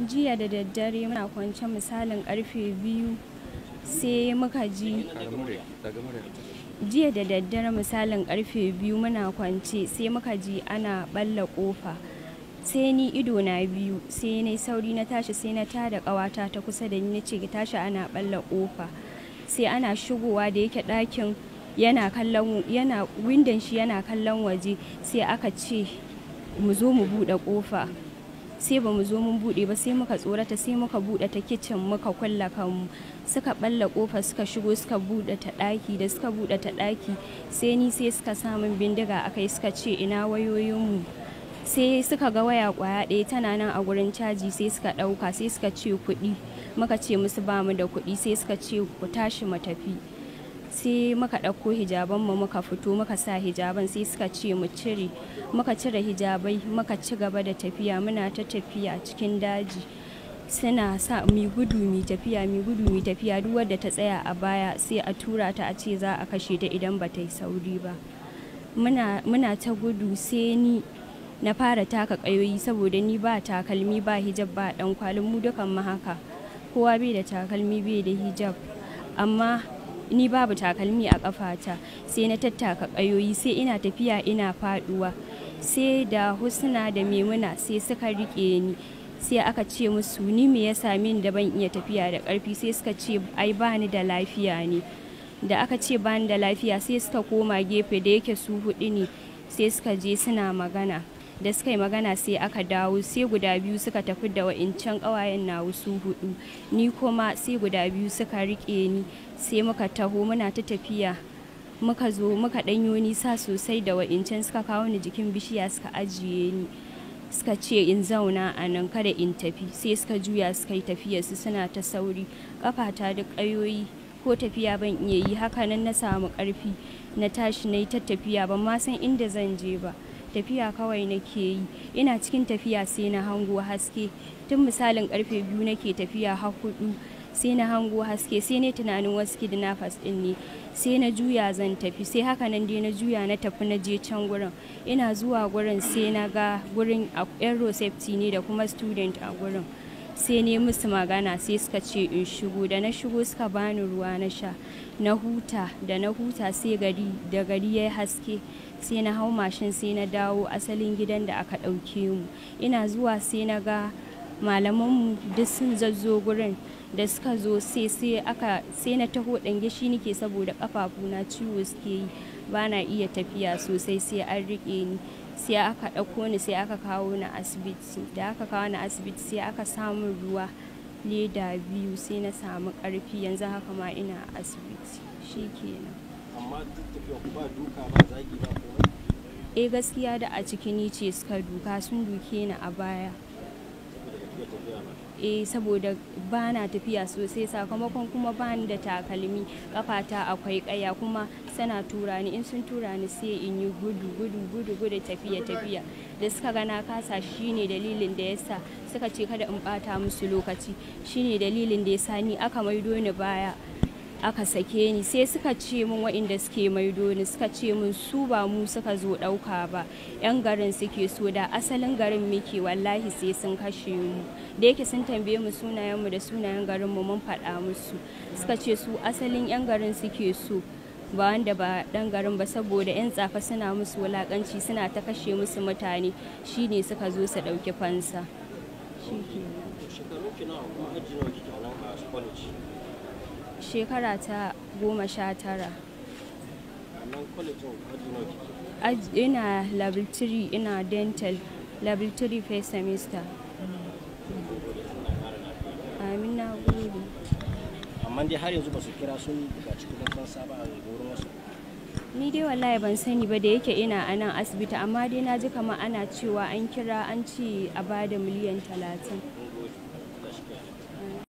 jiya da daddare muna kwance misalin karfe biyu sai muka ji jiya da daddare misalin karfe biyu muna kwance sai muka ji ana balla kofa sai ni ido na biyu sai na sauri na tashi sai na ta da kawata ta kusa da ni na ce tashi ana balla kofa sai ana shigowa da yake ɗakin yana kallon yana windon shi yana kallon waje sai aka ce mu zo mu buɗe kofa sai ba mu zo mun bude ba sai muka tsorata sai muka bude ta kicin muka kulla kanmu suka balla kofa suka shigo suka bude ta daki da suka bude ta daki sai ni sai suka samun bindiga akai suka ce ina wayoyinmu sai suka ga waya kwaya ɗaya tana nan a gurin caji sai suka ɗauka sai suka ce kuɗi muka ce musu ba mu da kuɗi sai suka ce ku tashi mu tafi sai muka ɗauko hijaban mu muka fito muka sa hijaban sai suka ce mu cire muka cire hijabai muka ci gaba da tafiya muna ta tafiya cikin daji suna sa mi gudu mi tafiya mi gudu mi tafiya duk wadda ta tsaya a baya sai a tura ta a ce za a kashe ta idan ba ta yi sauri ba muna ta gudu sai ni na fara taka ƙayoyi saboda ni ba takalmi ba hijab ba ɗan kwalin mu dukan mu haka kowa bai da takalmi bai da hijab amma ni babu takalmi a kafata sai na tattaka ƙayoyi sai ina tafiya ina faduwa sai da husna da memuna sai suka rike ni sai aka ce musu ni me ya sami da ban iya tafiya da ƙarfi sai suka ce ai bani da lafiya ne da aka ce bani da lafiya sai suka koma gefe da yake su hudu ne sai suka je suna magana da suka yi magana sai aka dawo sai guda biyu suka tafi da wa'incan ƙawayen na wasu hudu ni kuma sai guda biyu suka riƙe ni sai muka taho muna ta tafiya muka zo muka ɗanyo nisa sosai da wa'incan suka kawo ni jikin bishiya suka ajiye ni suka ce in zauna a nan kada in tafi sai suka juya suka yi su suna ta sauri ta duk ƙayoyi ko tafiya ban iya yi haka nan na samu ƙarfi na tashi na yi ta tafiya ban ma san inda zan je ba tafiya kawai nake yi ina cikin tafiya sai na hango haske tun misalin karfe biyu nake tafiya har hudu sai na hango haske sai ne tunanin wasu fas din ne sai na juya zan tafi sai haka nan dai na juya na tafi na je can gurin ina zuwa gurin sai na ga gurin aero safety ne da kuma student a gurin sai ne musu magana sai suka ce in shigo da na shigo suka bani ruwa na sha na huta da na huta sai gari da gari ya haske sai na hau mashin sai na dawo asalin gidan da aka ɗauke mu ina zuwa sai na ga malamanmu duk sun zazzo gurin da suka zo sai sai aka sai na taho dange shi nake saboda kafafuna ciwo suke yi ba na iya tafiya sosai sai an rike ni sai aka ɗauko ni sai aka kawo ni asibiti da aka kawo ni asibiti sai aka samu ruwa leda biyu sai na samu ƙarfi yanzu haka ma ina asibiti shi kenan amma duk tafiya ku ba duka ba zagi ba komai eh gaskiya da a ciki ni ce suka duka sun duke ni a baya eh saboda ba na tafiya sosai sakamakon kuma ba ni da takalmi kafata akwai kaya kuma sana tura ni in sun tura ni sai in yi gudu gudu gudu gudu tafiya tafiya da suka gana na kasa shine dalilin da yasa suka ce kada in bata musu lokaci shine dalilin da ya sani aka maido ni baya aka sake ni sai suka ce min waɗanda suke maido ni suka ce min su ba mu suka zo ɗauka ba yan garin suke so da asalin garin muke wallahi sai sun kashe mu da yake sun tambaye mu sunayenmu da sunayen garin mu mun faɗa musu suka ce su asalin yan garin suke so ba wanda ba ɗan garin ba saboda 'yan tsafa suna musu wulakanci suna ta kashe musu mutane shine suka zo su ɗauki fansa. shekara ta goma sha tara ina level 3 ina dental level 3 first semester amin na gode amma dai har yanzu ba su kira sun buƙaci kudin fansa saba a gurin wasu ni dai wallahi ban sani ba da yake ina a nan asibiti amma dai na ji kamar ana cewa an kira an ci a bada miliyan talatin